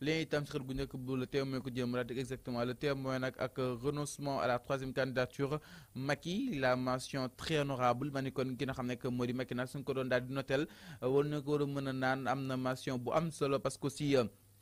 lien itam si xët le témoin ko jéem laaj exactement le témoin nag ak renoncement à la troisième candidature Macky la mention très honorable ma ni kon ki que moo di Macky nag ko don dal di notel euh, won na ko war nan amna mention bu am solo parce que si.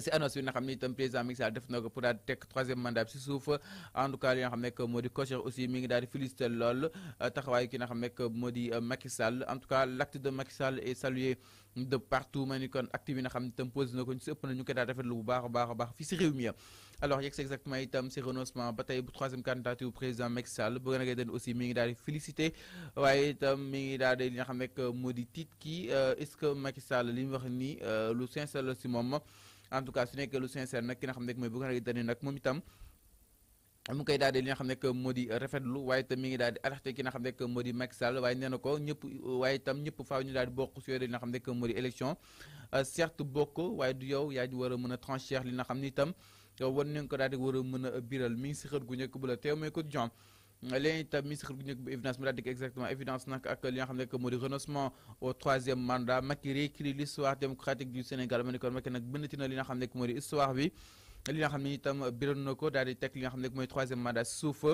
si annonce bi nga xam ne président Macky Sall def nako pour daal tek teg troisième mandat ci souf en tout cas li nga xam modi moo di aussi mi ngi daal féliciter félicité lool euh, taxawaay ki nga xam nekk moo euh, Macky Sall en tout cas l'acte de Macky Sall est salué de partout ma ni kon acte bi nga xam tam pose nako ci ëpp na ñu ko da rafetlu lu baax a baax a baax fii si réew mi alors yex exactement itam ci renoncement ba tey bu troisième candidature président Macky Sall bu nga ngay den aussi mi ngi daal féliciter waye waaye itam mi ngi daal li nga xam nekk moo di tiit euh, est ce que Macky Sall li wax ni lu sincère ci mom moom en tout cas su nekkee lu sincère nag ki nga xam ne mooy Bougane Gueye Dany nag moom itam mu koy daal li nga xam ne moo di rafetlu waaye mi ngi daal di alerté ki nga xam ne moo di Macky Sall waaye nee na ko ñëpp waaye itam ñëpp faaw ñu daal di bokk si yore li nga xam ne moo di élection euh, certes bokk waaye du yow yaa war a mën a trancher li na xam ni itam war nañ ko daal di war a mën a biral mi ngi si xët gu njëkk bu la teew mooy ko di léegi itam ministre bu nekk bu exactement évidence nak ak li nga xamné que modi di renoncement au troisième mandat Macky réécrit l'histoire démocratique du Sénégal ma ne kon Macky nag bënnati na li nga xamné que modi histoire bi li nga xamné ne itam biral na ko di tek li nga xamné ne mooy troisième mandat suuf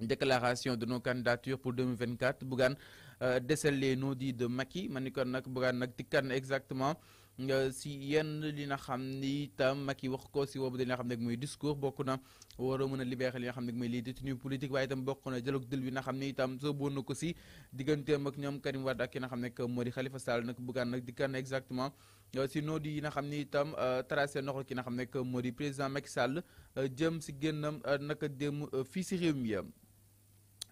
déclaration de nos candidatures pour 2024 Bougane euh, décèle les non-dits de Macky ma ne kon nak Bougane nag dikkaat exactement nga si yenn li na xam ni itam Macky wax ko si boobu na xam ne muy discours bokk na war a mën a libéré li nga xam ne mooy les détenus politiques waaye itam bokk na dialogue dël bi nga xam ne itam sooboon na ko si digganteem ak ñoom Karim Wade ak ki nga xam ne moo di Khalifa Sall nag bëggaan nag dikkaan na exactement euh, si nood yi na xam ni itam tracé noxol ki na xam ne euh, moo di président Macky Sall euh, jëm si génnam naka dem fii si réew mi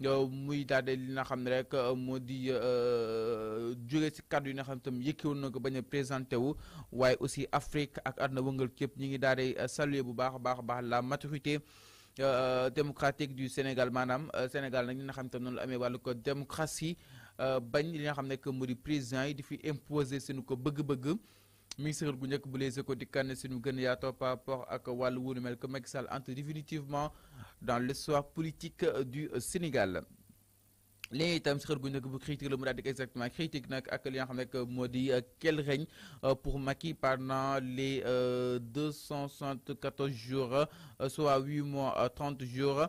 muy daal de li nga xam ne rek euh, moo di euh, jóge si kàddu yi nga xam tam yëkki na ko bañ présenté wu waaye aussi Afrique ak àdduna wëngal képp ñi ngi daal di euh, saluer bu baax a baax a baax laa maturité démocratique du Sénégal maanaam Sénégal nag li nga xam tam noonu la amee wàllu ko démocratie bañ li nga xam ne que moo di président yi di fi imposé seen ko bëgg-bëgg mi ngi bu njëkk bu les échos dikkaat ne suñu gën yaatoo par rapport ak walu wóonu mel que Macky Sall entre définitivement dans l'histoire politique du Sénégal L'État itam si bu critique le mu exactement critique nag ak li nga xam euh, quel règne euh, pour Macky pendant les 274 euh, jours soit 8 mois 30 jours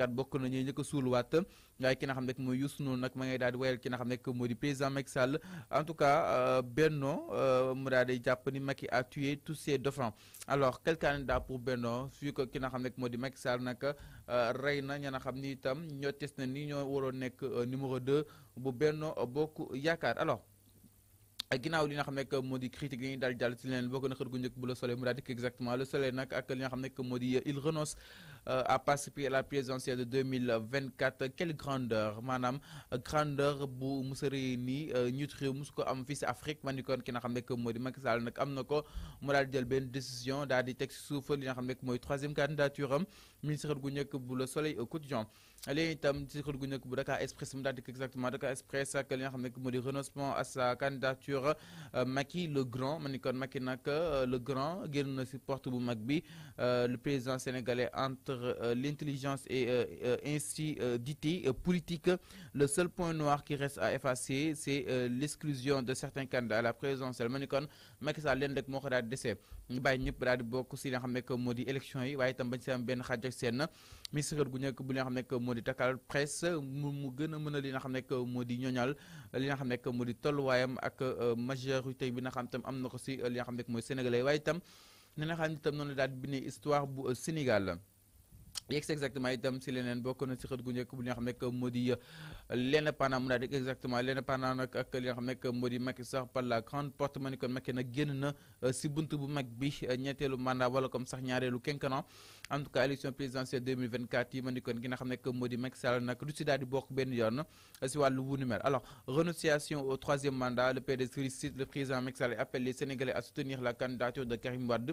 kat bokk na ñuy njëkk a suuluwaat waaye ki nga xam ne mooy Youssou Ndour nag ma ngay daal di wayal ki nga xam ne moo di président Macky Sall en tout cas euh, Benno euh, mu daal di japp ni Macky a tué tous ses dauphins alors quel candidat pour Benno fii ko ki nga xam ne moo di Macky Sall nak euh, rey na ñana nga xam ni itam ñoo tes na ni ñoo waroon nekk numéro 2 bu Benno Bokk yakar alors. ginaaw li nga xam ne moo critique dañuy dal dal ci leneen bokk na xët gu njëkk bu la soleil mu daal exactement le soleil nak ak li nga xam ne moo il renonce euh, à participer à la présidentielle de 2024 quelle grandeur madame, euh, grandeur bu Mousserini, sa réy nii Afrique man ni kon ki nga xam nekk moo di Macky Sall nag am décision daal di teg souffle suuf li nga xam troisième candidature ministre gu bu le soleil au quotidien léegi itam ci xët gu njëkk bu Dakar Express mu daal di exactement Dakar Express li xam renoncement à sa candidature euh, Macky le grand ma le grand qui na supporte porte bu mag bi le président sénégalais entre euh, l'intelligence et euh, euh, ainsi dite politique. Le seul point noir qui reste à effacer, c'est l'exclusion de certains candidats à la présidentielle. Le manicon, Macky Sall leen des moo décès. daal dese ñu bàyyi bokk si li que maudit élections élection yi waaye itam bañ si am benn xaaj ak seen ministère gu bu que presse mu mu gën a mën a li nga xam ne que ñoñal li que majorité bi nga xam tam na si li sénégalais waaye itam ne nga xam ne itam histoire au Sénégal exactement itam si leneen bokk na si xet gu njëkk bu nga xam nekk moo di euh, lenn pendant daal rek exactement lenn pendant nag ak li nga xam nekk que Macky Sall par la grande porte ma ni kon Macky nag génn na euh, si buntu bu mag bi euh, ñettelu mandat wala comme sax ñaarelu quinquennat en tout cas élection présidentielle 2024 yi ma kon gi nga xam nekk moo di Macky Sall nak du si daal di bokk benn yoon si walu wu numéro alors renonciation au troisième mandat le PDS félicite le président Macky Sall appelle les Sénégalais à soutenir la candidature de Karim Wade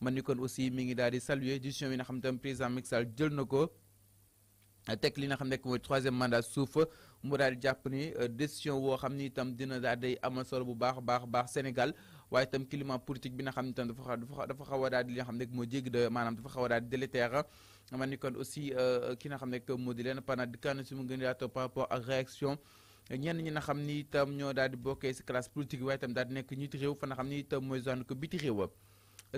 man aussi mi ngi daal saluer décision yi nga xam tam président Macky Sall jël na li nga xam nekk mooy troisième mandat souf mu daal japp ni euh, décision wo xamni tam dina daal day amal solo bu baax baax baax Sénégal waye tam climat politique bi nga xam tam dafa dafa xawa xaw li nga xam nekk moo jéggi de manam dafa xawa a délétère man aussi euh, euh, ki nga xam nekk moo di leen pendant di kan si mu gën a par rapport à réaction ñen ñi nga xamni tam ño ñoo bokké ci classe politique waye tam daal nek nekk ti réew fa nga xamni tam moy zone ko biti réew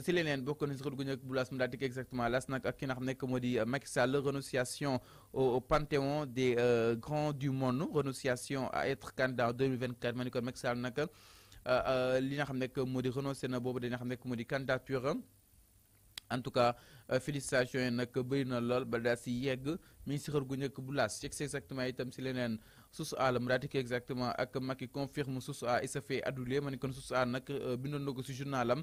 si leneen bokk na si xët gu ñëkk bu las mu exactement las nag ak ki nga xam nekk moo Macky Sall renonciation au panthéon des euh, grands du monde renonciation à être candidat en 2024 ma ni kon Macky Sall nag euh, euh, li nga xam nekk moo di renoncé na xam candidature en tout cas félicitations à nag Bruno na lool ba daal si yegg mi ngi si xër bu laas yegg exactement itam si leneen susu A la exactement ak Macky confirme sous A il se fait adouler mais ne sous susu A nag bindoon na journalam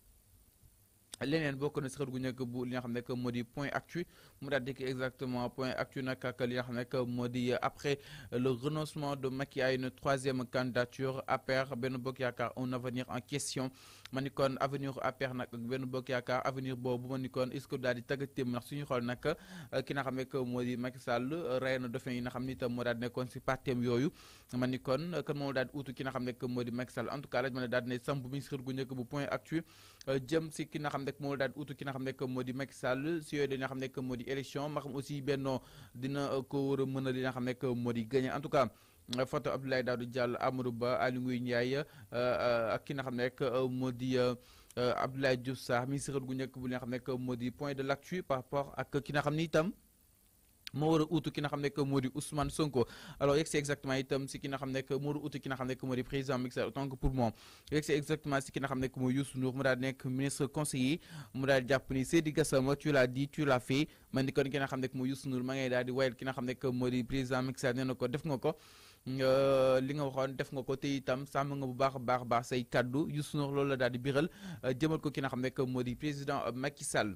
leneen bokk na si gu nekk bu li nga xam ne moo di point actu mu daal di exactement point actu nag ak li nga xam ne moo di après le renoncement de Macky à une troisième candidature APR benn bokk yaakaar un avenir en question ma ni kon avenir APR nag ak benn bokk yaakaar avenir boobu ma ni kon est-ce que daal di taggatéem ndax suñu xool nag euh, ki nga xam ne moo di Macky Sall rey na dauphin yi nga xam ne itam moo daal nekkoon si partem yooyu ma ni kon kan moom daal di uutu ki nga xam ne moo di Macky Sall en tout cas laaj ma ne daal di ne samp mi si xët gu nekk bu point actu euh, jëm si ki nga xam ne ne moo daal utu ki na xam ne moo di Macky Sall si yooyu li nga xam ne moo di élection ma xam aussi Benno dina euh, ko war a mën a li nga xam ne moo di gagné en tout cas. Fatou euh, Abdoulaye Daouda jàll Amadou Ba Aly Ngouille Ndiaye euh, ak ki nga xam ne rek moo di Abdoulaye Diouf Sarr mi ngi si xët gu njëkk bu li nga xam ne moo di point de l'actu par rapport ak ki na xam ni itam. moo war a utu que Ousmane Sonko alors c'est exactement itam qui ki nga xam ne que moo war a utu ki que président Macky autant que pour moi. exactement ce ki n'a xam ne que Youssou Ndour mu daal ministre conseiller mu daal c'est jàpp ni Seydi tu l'as dit tu l'as fait Mandikon qui n'a ki nga xam que Youssou Ndour Mangay ngay di wayal ki nga xam que moo président Macky Sall na ko def nga ko li nga waxoon def nga ko te itam sàmm nga bu baax baax baax say kaddu Youssou Ndour loolu la di biral jëmal ko ki nga que moo président Macky Sall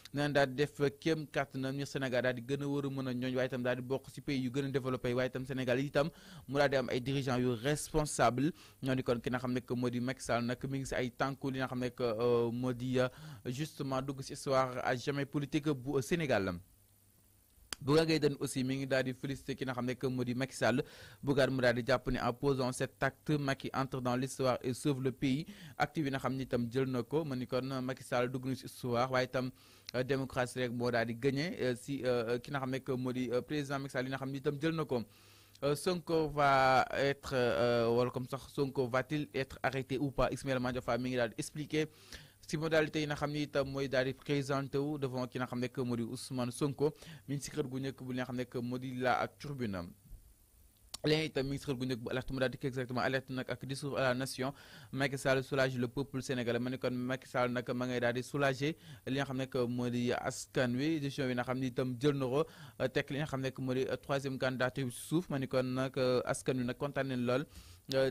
naan daal di def kéem kàttanam ñu Sénégal daal di gën a war a mën a ñooñ di bokk ci pays yu gën a développé waaye itam Sénégal tam mu daal di am ay dirigeants yu responsable ñoo di kon ki nga xam ne moo di Sall nak mi ngi ci ay tanku li nga xam que euh, modi euh, justement dugg ci histoire à jamais politique bu euh, Sénégal Bougane aussi mi ngi daal di félicité ki n'a xam que modi japonais Macky Sall en posant cet acte Macky entre dans l'histoire et sauve le pays acte jël na ko Macky Sall ci histoire waaye tam euh, démocratie rek moo gagné euh, si euh, ki n'a xam que Modi, président Macky Sall yi nga xam jël Sonko va être euh, comme ça. Sonko va-t-il être arrêté ou pas Ismaïla mi ngi si modalité yi nga xam ni itam mooy daal di présenté wu devant ki nga xam nekk moo di Ousmane Sonko mi gu nekk bu li nga xam nekk moo la ak turbinam léegi itam mi ngi xel gu njëkk bu alerte exactement alerte nag ak discours à la nation Macky Sall soulage le peuple sénégalais ma kon Macky Sall nak ma ngay daal di soulager li nga xamné ne moo askan wi décision bi nga xamni tam itam jël na ko li nga xamné ne moo di troisième candidature souf ci suuf ma ne kon nag askan wi nag kontaan nañ lool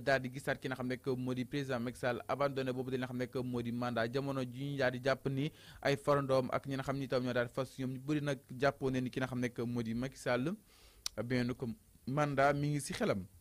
daal di gisaat ki nga xamné ne moo président Macky Sall abandonné bobu di nga xamné ne moo mandat jamono ji ñu daal di jàpp ni ay farandoom ak ñi nga xam ne ñoo daal fas ñoom ñu bëri nag jàppoo ni ki nga xamné ne moo Macky Sall bien comme mandat mi ngi ci xelam